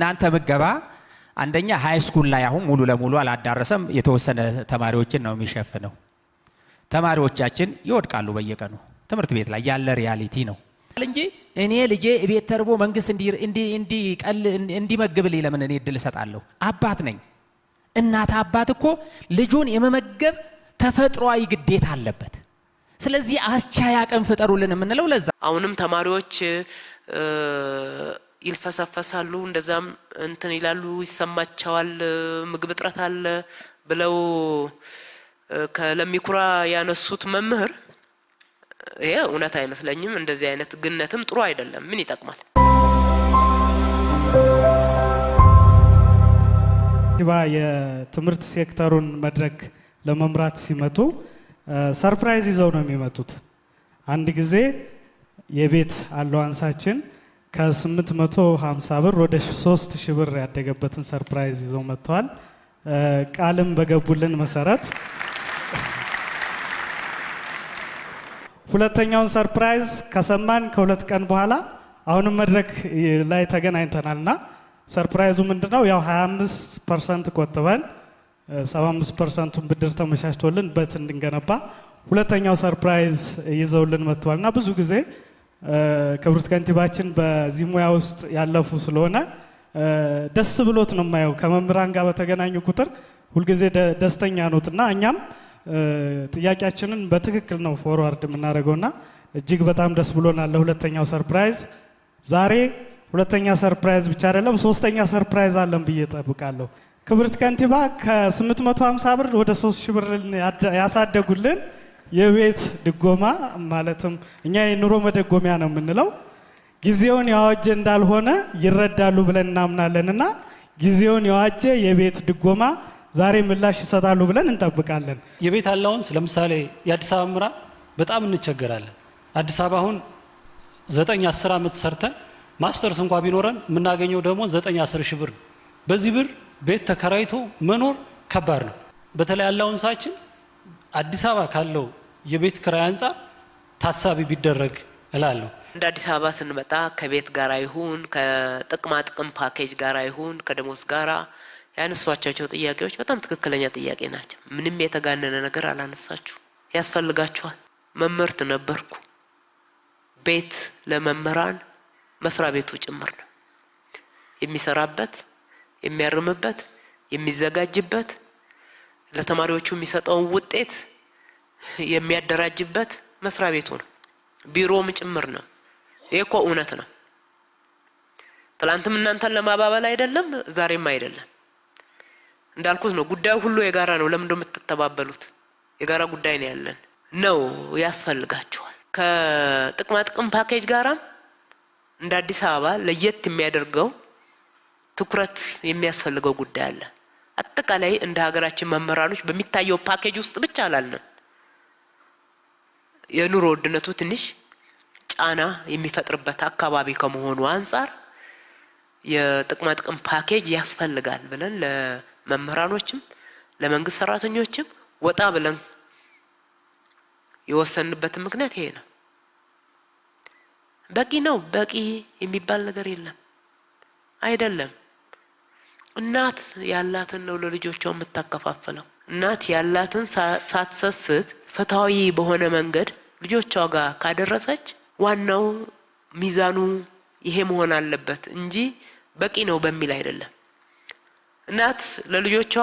እናንተ ምገባ አንደኛ ሃይ ስኩል ላይ አሁን ሙሉ ለሙሉ አላዳረሰም። የተወሰነ ተማሪዎችን ነው የሚሸፍነው። ተማሪዎቻችን ይወድቃሉ በየቀኑ ትምህርት ቤት ላይ ያለ ሪያሊቲ ነው እንጂ እኔ ልጄ ቤት ተርቦ መንግስት እንዲመግብልኝ ለምን እኔ እድል እሰጣለሁ? አባት ነኝ። እናት አባት እኮ ልጁን የመመገብ ተፈጥሯዊ ግዴታ አለበት። ስለዚህ አስቻያ ቀን ፍጠሩልን የምንለው ለዛ አሁንም ተማሪዎች ይልፈሰፈሳሉ፣ እንደዛም እንትን ይላሉ፣ ይሰማቸዋል። ምግብ እጥረት አለ ብለው ከለሚኩራ ያነሱት መምህር ይሄ እውነት አይመስለኝም። እንደዚህ አይነት ግነትም ጥሩ አይደለም። ምን ይጠቅማል? ባ የትምህርት ሴክተሩን መድረክ ለመምራት ሲመጡ ሰርፕራይዝ ይዘው ነው የሚመጡት። አንድ ጊዜ የቤት አለዋንሳችን ከ850 ብር ወደ 3000 ብር ያደገበትን ሰርፕራይዝ ይዘው መጥተዋል። ቃልም በገቡልን መሰረት ሁለተኛውን ሰርፕራይዝ ከሰማን ከሁለት ቀን በኋላ አሁንም መድረክ ላይ ተገናኝተናል እና ሰርፕራይዙ ምንድነው? ያው 25 ፐርሰንት ቆጥበን 75 ፐርሰንቱን ብድር ተመቻችቶልን በት እንድንገነባ ሁለተኛው ሰርፕራይዝ ይዘውልን መጥተዋል እና ብዙ ጊዜ ክብርት ከንቲባችን በዚህ ሙያ ውስጥ ያለፉ ስለሆነ ደስ ብሎት ነው የማየው። ከመምህራን ጋር በተገናኙ ቁጥር ሁልጊዜ ደስተኛ ኖት እና እኛም ጥያቄያችንን በትክክል ነው ፎርዋርድ የምናደርገውና እጅግ በጣም ደስ ብሎናል። ለሁለተኛው ሰርፕራይዝ ዛሬ ሁለተኛ ሰርፕራይዝ ብቻ አይደለም ሶስተኛ ሰርፕራይዝ አለን ብዬ ጠብቃለሁ። ክብርት ከንቲባ ከ850 ብር ወደ 3 ሺህ ብር ያሳደጉልን የቤት ድጎማ ማለትም እኛ የኑሮ መደጎሚያ ነው የምንለው ጊዜውን የዋጀ እንዳልሆነ ይረዳሉ ብለን እናምናለን እና ጊዜውን የዋጀ የቤት ድጎማ ዛሬ ምላሽ ይሰጣሉ ብለን እንጠብቃለን። የቤት አላውንስ ለምሳሌ የአዲስ አበባ ምራ በጣም እንቸገራለን። አዲስ አበባ አሁን ዘጠኝ አስር ዓመት ሰርተን ማስተርስ እንኳ ቢኖረን የምናገኘው ደግሞ ዘጠኝ አስር ሺህ ብር ነው። በዚህ ብር ቤት ተከራይቶ መኖር ከባድ ነው። በተለይ አላውንሳችን አዲስ አበባ ካለው የቤት ክራይ አንጻር ታሳቢ ቢደረግ እላለሁ። እንደ አዲስ አበባ ስንመጣ ከቤት ጋር ይሁን ከጥቅማ ጥቅም ፓኬጅ ጋር ይሁን ከደሞዝ ጋራ ያነሷቸው ጥያቄዎች በጣም ትክክለኛ ጥያቄ ናቸው። ምንም የተጋነነ ነገር አላነሳችሁ። ያስፈልጋችኋል። መምህርት ነበርኩ። ቤት ለመምህራን መስሪያ ቤቱ ጭምር ነው የሚሰራበት፣ የሚያርምበት፣ የሚዘጋጅበት ለተማሪዎቹ የሚሰጠውን ውጤት የሚያደራጅበት መስሪያ ቤቱ ነው፣ ቢሮውም ጭምር ነው። ይህ እኮ እውነት ነው። ትላንትም እናንተን ለማባበል አይደለም፣ ዛሬም አይደለም። እንዳልኩት ነው፣ ጉዳዩ ሁሉ የጋራ ነው። ለምን እንደምትተባበሉት የጋራ ጉዳይ ነው ያለን ነው ያስፈልጋቸዋል። ከጥቅማ ጥቅም ፓኬጅ ጋራም እንደ አዲስ አበባ ለየት የሚያደርገው ትኩረት የሚያስፈልገው ጉዳይ አለ። አጠቃላይ እንደ ሀገራችን መምህራኖች በሚታየው ፓኬጅ ውስጥ ብቻ አላልንም። የኑሮ ውድነቱ ትንሽ ጫና የሚፈጥርበት አካባቢ ከመሆኑ አንጻር የጥቅመ ጥቅም ፓኬጅ ያስፈልጋል ብለን ለመምህራኖችም ለመንግስት ሰራተኞችም ወጣ ብለን የወሰንበትን ምክንያት ይሄ ነው። በቂ ነው በቂ የሚባል ነገር የለም አይደለም። እናት ያላትን ነው ለልጆቿ የምታከፋፍለው። እናት ያላትን ሳትሰስት ፍትሐዊ በሆነ መንገድ ልጆቿ ጋር ካደረሰች ዋናው ሚዛኑ ይሄ መሆን አለበት እንጂ በቂ ነው በሚል አይደለም። እናት ለልጆቿ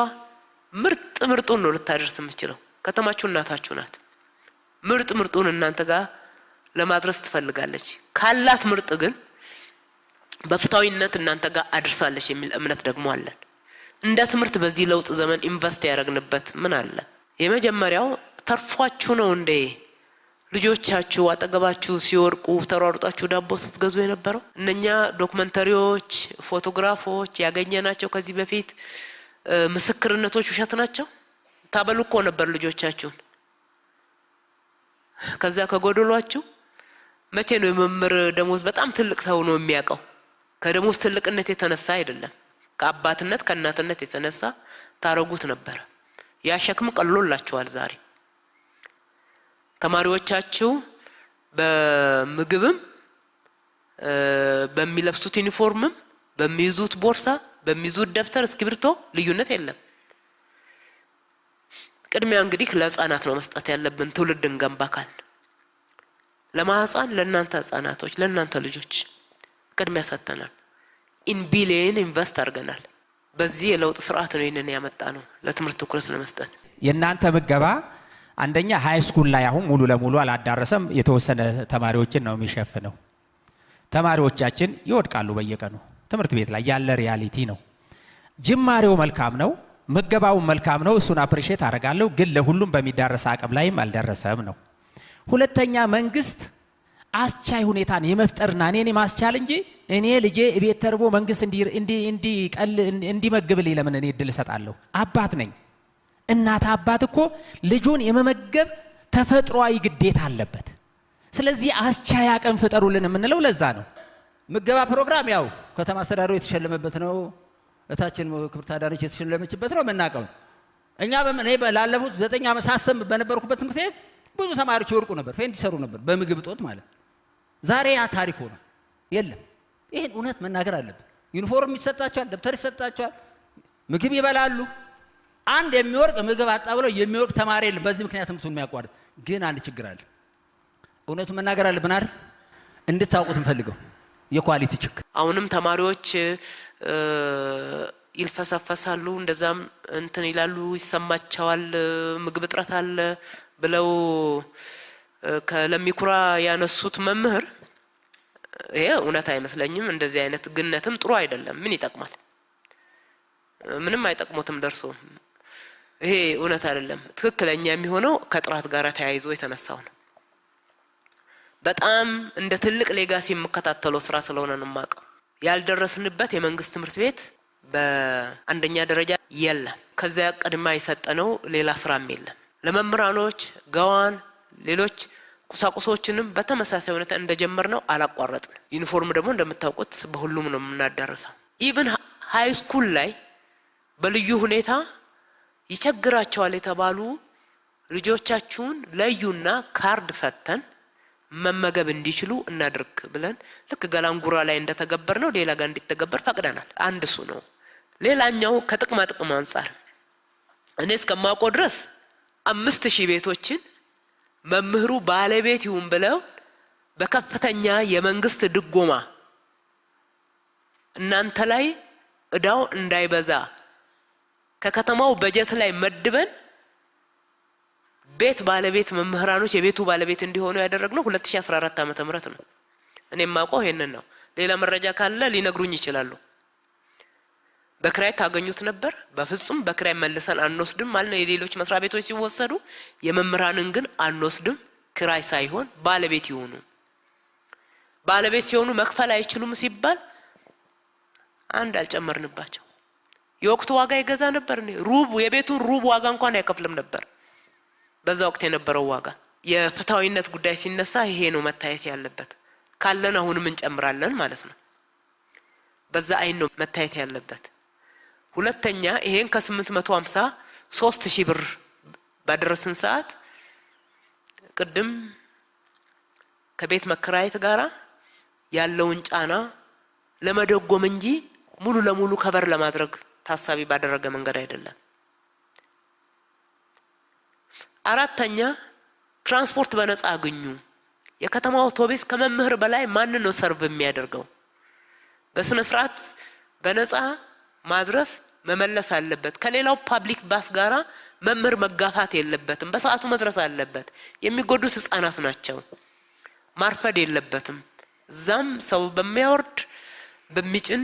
ምርጥ ምርጡን ነው ልታደርስ የምትችለው። ከተማችሁ እናታችሁ ናት። ምርጥ ምርጡን እናንተ ጋር ለማድረስ ትፈልጋለች። ካላት ምርጥ ግን በፍትሐዊነት እናንተ ጋር አድርሳለች የሚል እምነት ደግሞ አለን። እንደ ትምህርት በዚህ ለውጥ ዘመን ኢንቨስት ያደረግንበት ምን አለ? የመጀመሪያው ተርፏችሁ ነው እንዴ ልጆቻችሁ አጠገባችሁ ሲወርቁ ተሯሩጣችሁ ዳቦ ስትገዙ የነበረው? እነኛ ዶክመንተሪዎች፣ ፎቶግራፎች ያገኘ ናቸው ከዚህ በፊት ምስክርነቶች ውሸት ናቸው። ታበሉ እኮ ነበር ልጆቻችሁን። ከዛ ከጎደሏችሁ መቼ ነው የመምህር ደሞዝ በጣም ትልቅ ሰው ነው የሚያውቀው? ከደሞዝ ትልቅነት የተነሳ አይደለም፣ ከአባትነት ከእናትነት የተነሳ ታረጉት ነበር። ያ ሸክም ቀሎላችኋል ዛሬ ተማሪዎቻቸው በምግብም በሚለብሱት ዩኒፎርምም በሚይዙት ቦርሳ በሚይዙት ደብተር እስክሪብቶ ልዩነት የለም። ቅድሚያ እንግዲህ ለህፃናት ነው መስጠት ያለብን። ትውልድ እንገንባ ለማህፃን ለእናንተ ህፃናቶች ለእናንተ ልጆች ቅድሚያ ሰጥተናል። ኢን ቢሊየን ኢንቨስት አድርገናል። በዚህ የለውጥ ስርዓት ነው ይህንን ያመጣ ነው ለትምህርት ትኩረት ለመስጠት የእናንተ ምገባ አንደኛ ሃይ ስኩል ላይ አሁን ሙሉ ለሙሉ አላዳረሰም። የተወሰነ ተማሪዎችን ነው የሚሸፍነው። ተማሪዎቻችን ይወድቃሉ በየቀኑ ትምህርት ቤት ላይ ያለ ሪያሊቲ ነው። ጅማሬው መልካም ነው፣ ምገባው መልካም ነው። እሱን አፕሪሼት አደርጋለሁ። ግን ለሁሉም በሚዳረስ አቅም ላይም አልደረሰም ነው። ሁለተኛ መንግስት አስቻይ ሁኔታን የመፍጠርና እኔን ማስቻል እንጂ እኔ ልጄ እቤት ተርቦ መንግስት እንዲመግብል ለምን እኔ እድል እሰጣለሁ? አባት ነኝ እናት አባት እኮ ልጁን የመመገብ ተፈጥሯዊ ግዴታ አለበት። ስለዚህ አስቻይ አቅም ፍጠሩልን የምንለው ለዛ ነው። ምገባ ፕሮግራም ያው ከተማ አስተዳደሩ የተሸለመበት ነው። እታችን ክብርት አዳነች የተሸለመችበት ነው የምናውቀው። እኛ ላለፉት ዘጠኝ ዓመት ሳሰም በነበርኩበት ትምህርት ቤት ብዙ ተማሪዎች ይወርቁ ነበር፣ ፌንድ ይሰሩ ነበር በምግብ እጦት ማለት። ዛሬ ያ ታሪክ ሆነ የለም። ይህን እውነት መናገር አለብን። ዩኒፎርም ይሰጣቸዋል፣ ደብተር ይሰጣቸዋል፣ ምግብ ይበላሉ። አንድ የሚወርቅ ምግብ አጣ የሚወርቅ ተማሪ የለም። በዚህ ምክንያት ትምህርቱን የሚያቋርጥ ግን አንድ ችግር አለ። እውነቱን መናገር አለብን አይደል? እንድታውቁት እንፈልገው የኳሊቲ ችግር አሁንም ተማሪዎች ይልፈሰፈሳሉ፣ እንደዛም እንትን ይላሉ፣ ይሰማቸዋል። ምግብ እጥረት አለ ብለው ለሚኩራ ያነሱት መምህር ይሄ እውነት አይመስለኝም። እንደዚህ አይነት ግነትም ጥሩ አይደለም። ምን ይጠቅማል? ምንም አይጠቅሙትም ደርሶ ይሄ እውነት አይደለም። ትክክለኛ የሚሆነው ከጥራት ጋር ተያይዞ የተነሳው ነው። በጣም እንደ ትልቅ ሌጋሲ የምከታተለው ስራ ስለሆነ ነው የማውቀው። ያልደረስንበት የመንግስት ትምህርት ቤት በአንደኛ ደረጃ የለም። ከዚያ ቅድማ የሰጠነው ሌላ ስራም የለም። ለመምህራኖች ገዋን፣ ሌሎች ቁሳቁሶችንም በተመሳሳይ ሁኔታ እንደጀመርነው አላቋረጥንም። ዩኒፎርም ደግሞ እንደምታውቁት በሁሉም ነው የምናዳረሰው። ኢቭን ሀይ ስኩል ላይ በልዩ ሁኔታ ይቸግራቸዋል የተባሉ ልጆቻችሁን ለዩና ካርድ ሰጥተን መመገብ እንዲችሉ እናድርግ ብለን ልክ ገላንጉራ ላይ እንደተገበር ነው ሌላ ጋር እንዲተገበር ፈቅደናል። አንድ እሱ ነው። ሌላኛው ከጥቅማ ጥቅም አንጻር እኔ እስከማውቀው ድረስ አምስት ሺህ ቤቶችን መምህሩ ባለቤት ይሁን ብለው በከፍተኛ የመንግስት ድጎማ እናንተ ላይ እዳው እንዳይበዛ ከከተማው በጀት ላይ መድበን ቤት ባለቤት መምህራኖች የቤቱ ባለቤት እንዲሆኑ ያደረግነው 2014 ዓመተ ምህረት ነው። እኔ የማውቀው ይሄንን ነው። ሌላ መረጃ ካለ ሊነግሩኝ ይችላሉ። በክራይ ታገኙት ነበር። በፍጹም በክራይ መልሰን አንወስድም ማለት የሌሎች መስሪያ ቤቶች ሲወሰዱ የመምህራንን ግን አንወስድም። ክራይ ሳይሆን ባለቤት ይሆኑ። ባለቤት ሲሆኑ መክፈል አይችሉም ሲባል አንድ አልጨመርንባቸው የወቅቱ ዋጋ ይገዛ ነበር። ሩቡ የቤቱን ሩብ ዋጋ እንኳን አይከፍልም ነበር በዛ ወቅት የነበረው ዋጋ። የፍትሐዊነት ጉዳይ ሲነሳ ይሄ ነው መታየት ያለበት። ካለን አሁንም እንጨምራለን ማለት ነው። በዛ አይን ነው መታየት ያለበት። ሁለተኛ ይሄን ከስምንት መቶ ሀምሳ ሶስት ሺህ ብር ባደረስን ሰዓት ቅድም ከቤት መከራየት ጋራ ያለውን ጫና ለመደጎም እንጂ ሙሉ ለሙሉ ከበር ለማድረግ ታሳቢ ባደረገ መንገድ አይደለም። አራተኛ ትራንስፖርት በነጻ አግኙ። የከተማ አውቶቡስ ከመምህር በላይ ማን ነው ሰርቭ የሚያደርገው? በስነ ስርዓት በነጻ ማድረስ መመለስ አለበት። ከሌላው ፓብሊክ ባስ ጋራ መምህር መጋፋት የለበትም። በሰዓቱ መድረስ አለበት። የሚጎዱት ህጻናት ናቸው። ማርፈድ የለበትም። እዛም ሰው በሚያወርድ በሚጭን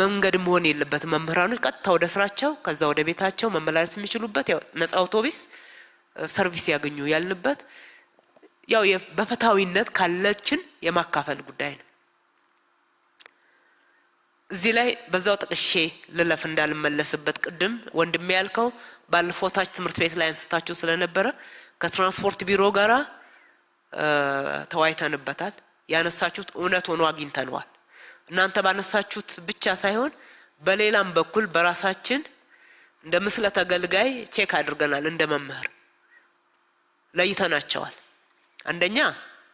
መንገድ መሆን የለበት። መምህራኖች ቀጥታ ወደ ስራቸው ከዛ ወደ ቤታቸው መመላለስ የሚችሉበት ያው ነጻ አውቶቢስ ሰርቪስ ያገኙ ያልንበት ያው በፍትሐዊነት ካለችን የማካፈል ጉዳይ ነው። እዚህ ላይ በዛው ጥቅሼ ልለፍ እንዳልመለስበት ቅድም ወንድሜ ያልከው ባለፈው ታች ትምህርት ቤት ላይ አንስታችሁ ስለነበረ ከትራንስፖርት ቢሮ ጋራ ተወያይተንበታል። ያነሳችሁት እውነት ሆኖ አግኝተነዋል። እናንተ ባነሳችሁት ብቻ ሳይሆን በሌላም በኩል በራሳችን እንደ ምስለ ተገልጋይ ቼክ አድርገናል። እንደ መምህር ለይተናቸዋል። አንደኛ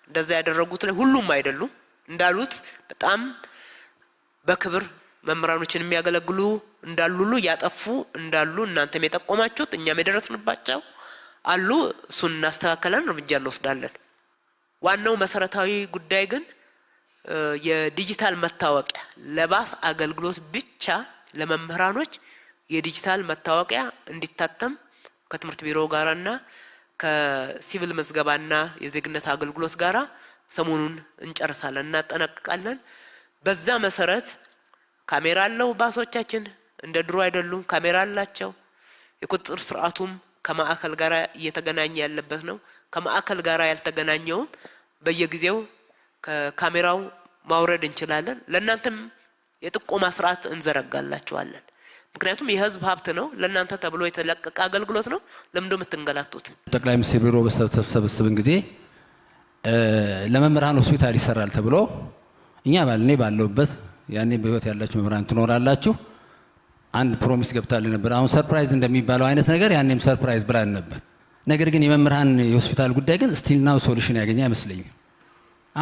እንደዛ ያደረጉት ላይ ሁሉም አይደሉም እንዳሉት በጣም በክብር መምህራኖችን የሚያገለግሉ እንዳሉ ሁሉ ያጠፉ እንዳሉ እናንተም የጠቆማችሁት እኛም የደረስንባቸው አሉ። እሱን እናስተካከለን፣ እርምጃ እንወስዳለን። ዋናው መሰረታዊ ጉዳይ ግን የዲጂታል መታወቂያ ለባስ አገልግሎት ብቻ ለመምህራኖች የዲጂታል መታወቂያ እንዲታተም ከትምህርት ቢሮ ጋራና ከሲቪል ምዝገባና የዜግነት አገልግሎት ጋራ ሰሞኑን እንጨርሳለን፣ እናጠናቅቃለን። በዛ መሰረት ካሜራ አለው ባሶቻችን እንደ ድሮ አይደሉም፣ ካሜራ አላቸው። የቁጥጥር ስርዓቱም ከማዕከል ጋር እየተገናኘ ያለበት ነው። ከማዕከል ጋር ያልተገናኘውም በየጊዜው ከካሜራው ማውረድ እንችላለን። ለእናንተም የጥቆማ ስርዓት እንዘረጋላችኋለን። ምክንያቱም የህዝብ ሀብት ነው። ለእናንተ ተብሎ የተለቀቀ አገልግሎት ነው። ለምዶ የምትንገላቱት። ጠቅላይ ሚኒስትር ቢሮ በተሰበሰብን ጊዜ ለመምህራን ሆስፒታል ይሰራል ተብሎ እኛ ባልኔ ባለውበት ያኔ በህይወት ያላችሁ መምህራን ትኖራላችሁ አንድ ፕሮሚስ ገብታል ነበር። አሁን ሰርፕራይዝ እንደሚባለው አይነት ነገር ያኔም ሰርፕራይዝ ብላን ነበር። ነገር ግን የመምህራን የሆስፒታል ጉዳይ ግን ስቲል ናው ሶሉሽን ያገኘ አይመስለኝም።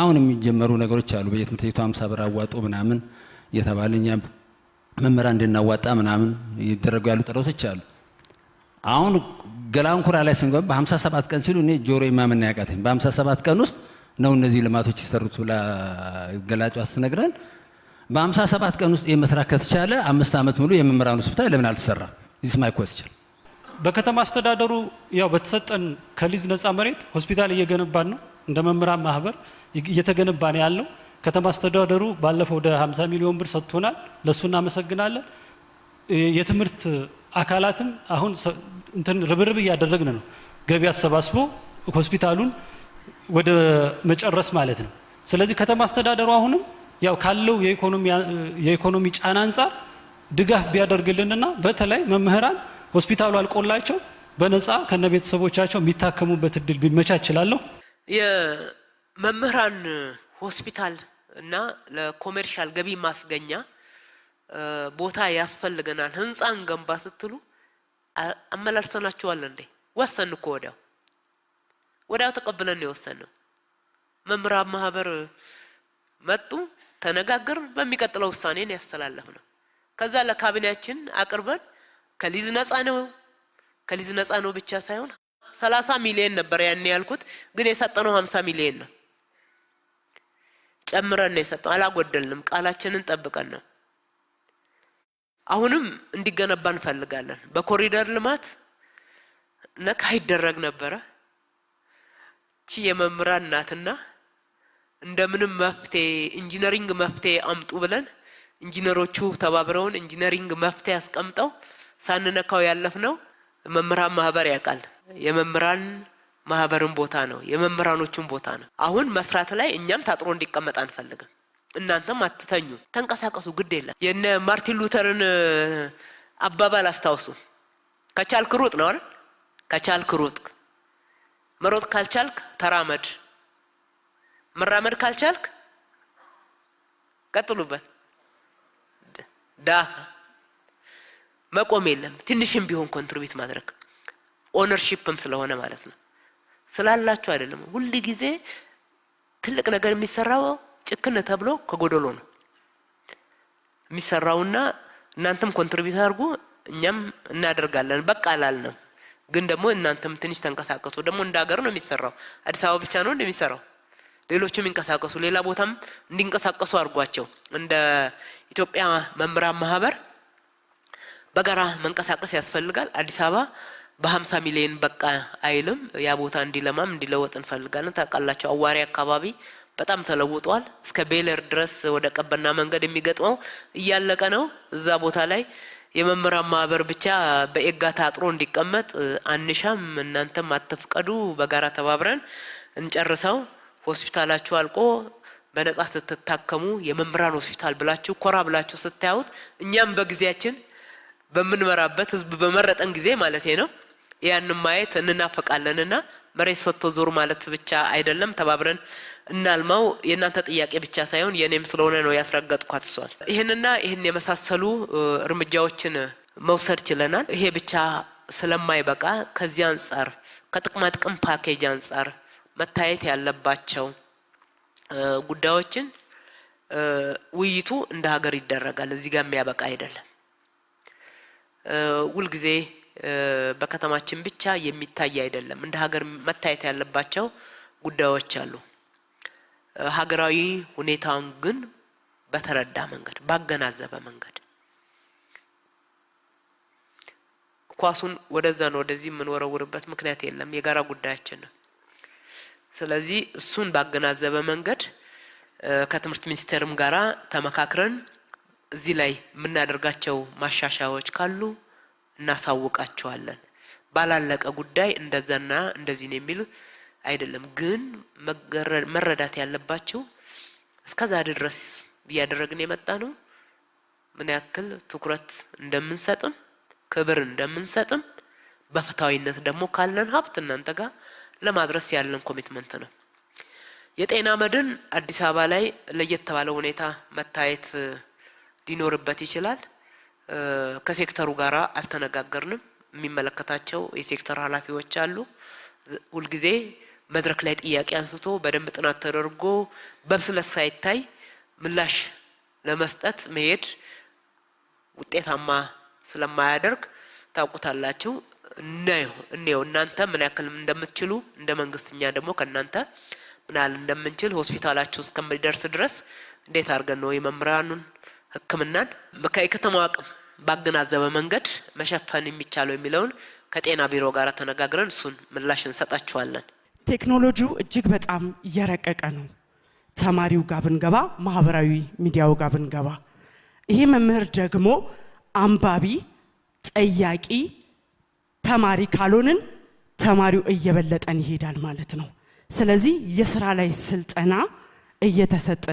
አሁን የሚጀመሩ ነገሮች አሉ። በየትምህርት ቤቱ ሀምሳ ብር አዋጡ ምናምን እየተባለ እኛ መምህራን እንድናዋጣ ምናምን ይደረጉ ያሉ ጥረቶች አሉ። አሁን ገላንኩራ ላይ ስንገባ በሀምሳ ሰባት ቀን ሲሉ እኔ ጆሮ ማመን ያቃተኝ በሀምሳ ሰባት ቀን ውስጥ ነው እነዚህ ልማቶች የሰሩት ብላ ገላጯ ስትነግረን በሀምሳ ሰባት ቀን ውስጥ የመስራት ከተቻለ አምስት ዓመት ሙሉ የመምህራን ሆስፒታል ለምን አልተሰራ? ዚስ ማይ ኮስችን በከተማ አስተዳደሩ ያው በተሰጠን ከሊዝ ነፃ መሬት ሆስፒታል እየገነባን ነው። እንደ መምህራን ማህበር እየተገነባ ነው ያለው። ከተማ አስተዳደሩ ባለፈው ወደ 50 ሚሊዮን ብር ሰጥቶናል። ለእሱ እናመሰግናለን። የትምህርት አካላትም አሁን እንትን ርብርብ እያደረግን ነው፣ ገቢ አሰባስቦ ሆስፒታሉን ወደ መጨረስ ማለት ነው። ስለዚህ ከተማ አስተዳደሩ አሁንም ያው ካለው የኢኮኖሚ ጫና አንጻር ድጋፍ ቢያደርግልንና በተለይ መምህራን ሆስፒታሉ አልቆላቸው በነፃ ከነ ቤተሰቦቻቸው የሚታከሙበት እድል ቢመቻችላለሁ። የመምህራን ሆስፒታል እና ለኮሜርሻል ገቢ ማስገኛ ቦታ ያስፈልገናል፣ ህንፃን ገንባ ስትሉ አመላልሰናችኋል እንዴ? ወሰን እኮ ወዲያው ወዲያው ተቀብለን ነው የወሰንነው። መምህራን ማህበር መጡ፣ ተነጋግር በሚቀጥለው ውሳኔን ያስተላለፍ ነው። ከዛ ለካቢኔያችን አቅርበን ከሊዝ ነጻ ነው ከሊዝ ነጻ ነው ብቻ ሳይሆን ሰላሳ ሚሊዮን ነበር ያን ያልኩት፣ ግን የሰጠነው ሀምሳ ሚሊዮን ነው። ጨምረን ነው የሰጠነው፣ አላጎደልንም። ቃላችንን ጠብቀን ነው። አሁንም እንዲገነባ እንፈልጋለን። በኮሪደር ልማት ነካ ይደረግ ነበረ። ቺ የመምህራን ናትና እንደምንም መፍትሄ ኢንጂነሪንግ መፍትሄ አምጡ ብለን ኢንጂነሮቹ ተባብረውን ኢንጂነሪንግ መፍትሄ አስቀምጠው ሳንነካው ያለፍ ነው። መምህራን ማህበር ያውቃል። የመምህራን ማህበርን ቦታ ነው፣ የመምህራኖችን ቦታ ነው። አሁን መስራት ላይ እኛም ታጥሮ እንዲቀመጥ አንፈልግም። እናንተም አትተኙ፣ ተንቀሳቀሱ፣ ግድ የለም። የነ ማርቲን ሉተርን አባባል አስታውሱ። ከቻልክ ሩጥ ነው አይደል? ከቻልክ ሩጥ፣ መሮጥ ካልቻልክ ተራመድ፣ መራመድ ካልቻልክ ቀጥሉበት ዳ መቆም የለም። ትንሽም ቢሆን ኮንትሪቢዩት ማድረግ ኦነርሺፕም ስለሆነ ማለት ነው። ስላላችሁ አይደለም። ሁል ጊዜ ትልቅ ነገር የሚሰራው ጭክን ተብሎ ከጎደሎ ነው የሚሰራውና እናንተም ኮንትሪቢዩት አድርጉ፣ እኛም እናደርጋለን። በቃ አላልንም፣ ግን ደግሞ እናንተም ትንሽ ተንቀሳቀሱ። ደግሞ እንደ ሀገር ነው የሚሰራው። አዲስ አበባ ብቻ ነው እንደሚሰራው ሌሎችም ይንቀሳቀሱ፣ ሌላ ቦታም እንዲንቀሳቀሱ አድርጓቸው። እንደ ኢትዮጵያ መምህራን ማህበር በጋራ መንቀሳቀስ ያስፈልጋል። አዲስ አበባ በሀምሳ ሚሊዮን በቃ አይልም። ያ ቦታ እንዲለማም እንዲለወጥ እንፈልጋለን። ታውቃላቸው አዋሪ አካባቢ በጣም ተለውጧል። እስከ ቤለር ድረስ ወደ ቀበና መንገድ የሚገጥመው እያለቀ ነው። እዛ ቦታ ላይ የመምህራን ማህበር ብቻ በኤጋ ታጥሮ እንዲቀመጥ አንሻም። እናንተም አትፍቀዱ። በጋራ ተባብረን እንጨርሰው። ሆስፒታላችሁ አልቆ በነጻ ስትታከሙ የመምህራን ሆስፒታል ብላችሁ ኮራ ብላችሁ ስታዩት እኛም በጊዜያችን በምንመራበት ህዝብ በመረጠን ጊዜ ማለት ነው። ያንን ማየት እንናፈቃለንና መሬት ሰጥቶ ዞር ማለት ብቻ አይደለም፣ ተባብረን እናልማው። የእናንተ ጥያቄ ብቻ ሳይሆን የእኔም ስለሆነ ነው ያስረገጥኳት እሷን። ይህንና ይህን የመሳሰሉ እርምጃዎችን መውሰድ ችለናል። ይሄ ብቻ ስለማይበቃ ከዚህ አንጻር ከጥቅማ ጥቅም ፓኬጅ አንጻር መታየት ያለባቸው ጉዳዮችን ውይይቱ እንደ ሀገር ይደረጋል። እዚህ ጋር የሚያበቃ አይደለም። ሁልጊዜ በከተማችን ብቻ የሚታይ አይደለም። እንደ ሀገር መታየት ያለባቸው ጉዳዮች አሉ። ሀገራዊ ሁኔታውን ግን በተረዳ መንገድ፣ ባገናዘበ መንገድ ኳሱን ወደዛ ነው ወደዚህ የምንወረውርበት ምክንያት የለም። የጋራ ጉዳያችን ነው። ስለዚህ እሱን ባገናዘበ መንገድ ከትምህርት ሚኒስቴርም ጋራ ተመካክረን እዚህ ላይ የምናደርጋቸው ማሻሻያዎች ካሉ እናሳውቃቸዋለን። ባላለቀ ጉዳይ እንደዛና እንደዚህ ነው የሚል አይደለም። ግን መረዳት ያለባቸው እስከዛ ድረስ እያደረግን የመጣ ነው ምን ያክል ትኩረት እንደምንሰጥም ክብር እንደምንሰጥም በፍትሃዊነት ደግሞ ካለን ሀብት እናንተ ጋር ለማድረስ ያለን ኮሚትመንት ነው። የጤና መድን አዲስ አበባ ላይ ለየት ባለ ሁኔታ መታየት ሊኖርበት ይችላል። ከሴክተሩ ጋር አልተነጋገርንም። የሚመለከታቸው የሴክተር ኃላፊዎች አሉ። ሁልጊዜ መድረክ ላይ ጥያቄ አንስቶ በደንብ ጥናት ተደርጎ በብስለት ሳይታይ ምላሽ ለመስጠት መሄድ ውጤታማ ስለማያደርግ ታውቁታላችሁ። እኔው እናንተ ምን ያክል እንደምትችሉ እንደ መንግስትኛ ደግሞ ከእናንተ ምን ያህል እንደምንችል ሆስፒታላችሁ እስከሚደርስ ድረስ እንዴት አድርገን ነው የመምህራኑን ሕክምናን ከተማው አቅም ባገናዘበ መንገድ መሸፈን የሚቻለው የሚለውን ከጤና ቢሮ ጋር ተነጋግረን እሱን ምላሽ እንሰጣችኋለን። ቴክኖሎጂው እጅግ በጣም እየረቀቀ ነው። ተማሪው ጋር ብንገባ፣ ማህበራዊ ሚዲያው ጋር ብንገባ፣ ይሄ መምህር ደግሞ አንባቢ፣ ጠያቂ ተማሪ ካልሆንን ተማሪው እየበለጠን ይሄዳል ማለት ነው። ስለዚህ የስራ ላይ ስልጠና እየተሰጠ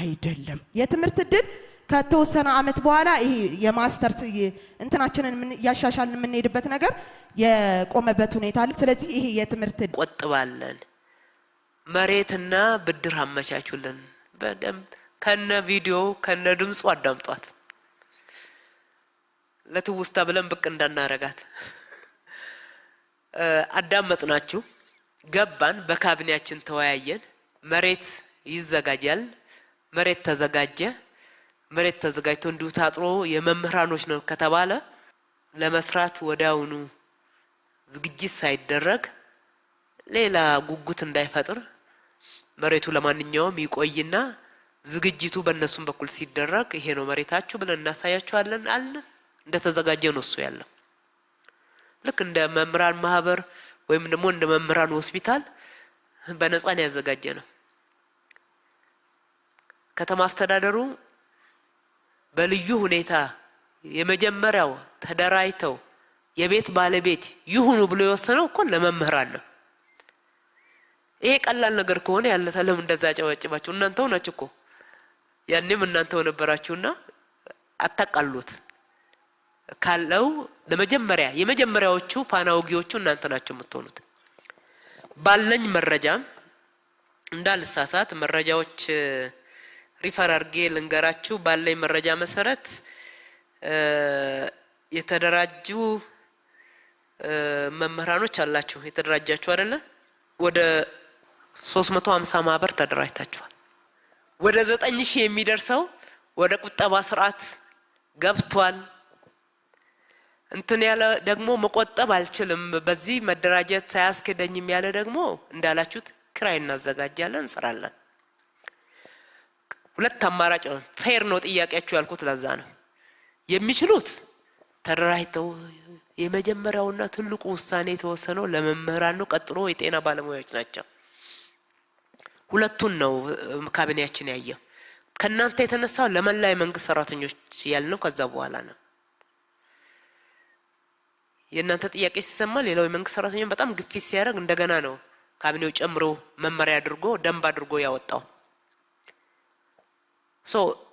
አይደለም። የትምህርት እድል ከተወሰነ አመት በኋላ ይሄ የማስተርስ እንትናችንን እያሻሻልን የምንሄድበት ነገር የቆመበት ሁኔታ አለ። ስለዚህ ይሄ የትምህርት ቆጥባለን፣ መሬትና ብድር አመቻቹልን። በደንብ ከነ ቪዲዮ ከነ ድምፁ አዳምጧት፣ ለትውስታ ብለን ብቅ እንዳናረጋት አዳመጥናችሁ፣ ገባን፣ በካቢኔያችን ተወያየን። መሬት ይዘጋጃል፣ መሬት ተዘጋጀ። መሬት ተዘጋጅቶ እንዲሁ ታጥሮ የመምህራኖች ነው ከተባለ ለመስራት ወዲያውኑ ዝግጅት ሳይደረግ ሌላ ጉጉት እንዳይፈጥር መሬቱ ለማንኛውም ይቆይና ዝግጅቱ በእነሱም በኩል ሲደረግ ይሄ ነው መሬታችሁ ብለን እናሳያችኋለን አለ። እንደተዘጋጀ ነው እሱ ያለው። ልክ እንደ መምህራን ማህበር ወይም ደግሞ እንደ መምህራን ሆስፒታል በነጻን ነው ያዘጋጀ ነው ከተማ አስተዳደሩ በልዩ ሁኔታ የመጀመሪያው ተደራጅተው የቤት ባለቤት ይሁኑ ብሎ የወሰነው እኮ ለመምህራን ነው። ይሄ ቀላል ነገር ከሆነ ያለ ተለም እንደዛ ጨበጭባችሁ እናንተው ናችሁ እኮ ያኔም እናንተው ነበራችሁና አታቃሉት ካለው ለመጀመሪያ የመጀመሪያዎቹ ፋናውጊዎቹ እናንተ ናችሁ የምትሆኑት። ባለኝ መረጃ እንዳልሳሳት መረጃዎች ሪፈር አርጌ ልንገራችሁ። ባለኝ መረጃ መሰረት የተደራጁ መምህራኖች አላችሁ። የተደራጃችሁ አይደለ? ወደ 350 ማህበር ተደራጅታችኋል። ወደ 9000 የሚደርሰው ወደ ቁጠባ ስርዓት ገብቷል። እንትን ያለ ደግሞ መቆጠብ አልችልም፣ በዚህ መደራጀት አያስኬደኝም ያለ ደግሞ እንዳላችሁት ክራይ እናዘጋጃለን፣ እንሰራለን። ሁለት አማራጭ ነው። ፌር ነው ጥያቄያችሁ ያልኩት ለዛ ነው። የሚችሉት ተደራጅተው የመጀመሪያውና ትልቁ ውሳኔ የተወሰነው ለመምህራን ነው። ቀጥሎ የጤና ባለሙያዎች ናቸው። ሁለቱን ነው ካቢኔያችን ያየው። ከእናንተ የተነሳው ለመላ የመንግስት ሰራተኞች ያልነው ከዛ በኋላ ነው። የእናንተ ጥያቄ ሲሰማ ሌላው የመንግስት ሰራተኛ በጣም ግፊት ሲያደርግ እንደገና ነው ካቢኔው ጨምሮ መመሪያ አድርጎ ደንብ አድርጎ ያወጣው።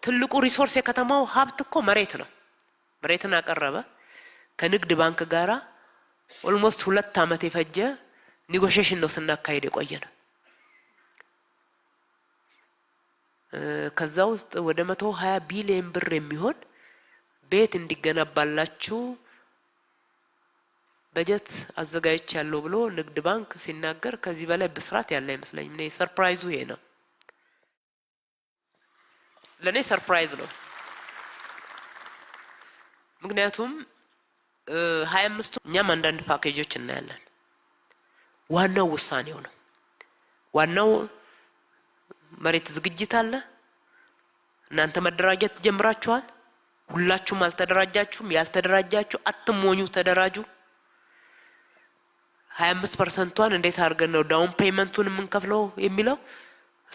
ትልቁ ሪሶርስ የከተማው ሀብት እኮ መሬት ነው። መሬትን አቀረበ። ከንግድ ባንክ ጋራ ኦልሞስት ሁለት ዓመት የፈጀ ኒጎሽሽን ነው ስናካሄድ የቆየ ነው። ከዛ ውስጥ ወደ መቶ ሀያ ቢሊየን ብር የሚሆን ቤት እንዲገነባላችሁ በጀት አዘጋጅቻለሁ ብሎ ንግድ ባንክ ሲናገር ከዚህ በላይ ብስራት ያለ አይመስለኝም። ሰርፕራይዙ ይሄ ነው። ለእኔ ሰርፕራይዝ ነው። ምክንያቱም ሀያ አምስቱ እኛም አንዳንድ ፓኬጆች እናያለን። ዋናው ውሳኔው ነው። ዋናው መሬት ዝግጅት አለ። እናንተ መደራጀት ጀምራችኋል። ሁላችሁም አልተደራጃችሁም። ያልተደራጃችሁ አትሞኙ፣ ተደራጁ። ሀያ አምስት ፐርሰንቷን እንዴት አድርገን ነው ዳውን ፔይመንቱን የምንከፍለው የሚለው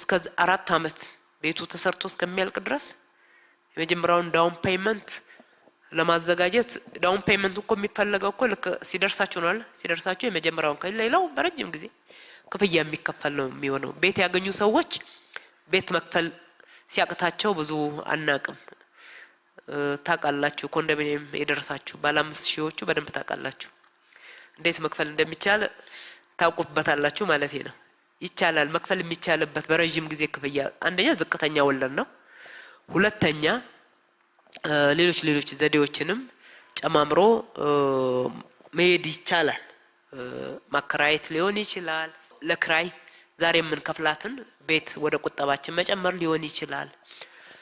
እስከ አራት አመት ቤቱ ተሰርቶ እስከሚያልቅ ድረስ የመጀመሪያውን ዳውን ፔይመንት ለማዘጋጀት ዳውን ፔይመንት እኮ የሚፈለገው እኮ ልክ ሲደርሳችሁ ነው። ሲደርሳችሁ የመጀመሪያውን ከሌላው በረጅም ጊዜ ክፍያ የሚከፈል ነው የሚሆነው። ቤት ያገኙ ሰዎች ቤት መክፈል ሲያቅታቸው ብዙ አናቅም። ታውቃላችሁ፣ ኮንዶሚኒየም የደረሳችሁ ባለ አምስት ሺዎቹ በደንብ ታውቃላችሁ። እንዴት መክፈል እንደሚቻል ታውቁበታላችሁ ማለት ነው። ይቻላል። መክፈል የሚቻልበት በረዥም ጊዜ ክፍያ አንደኛ ዝቅተኛ ወለድ ነው። ሁለተኛ ሌሎች ሌሎች ዘዴዎችንም ጨማምሮ መሄድ ይቻላል። ማከራየት ሊሆን ይችላል። ለክራይ ዛሬ የምንከፍላትን ቤት ወደ ቁጠባችን መጨመር ሊሆን ይችላል።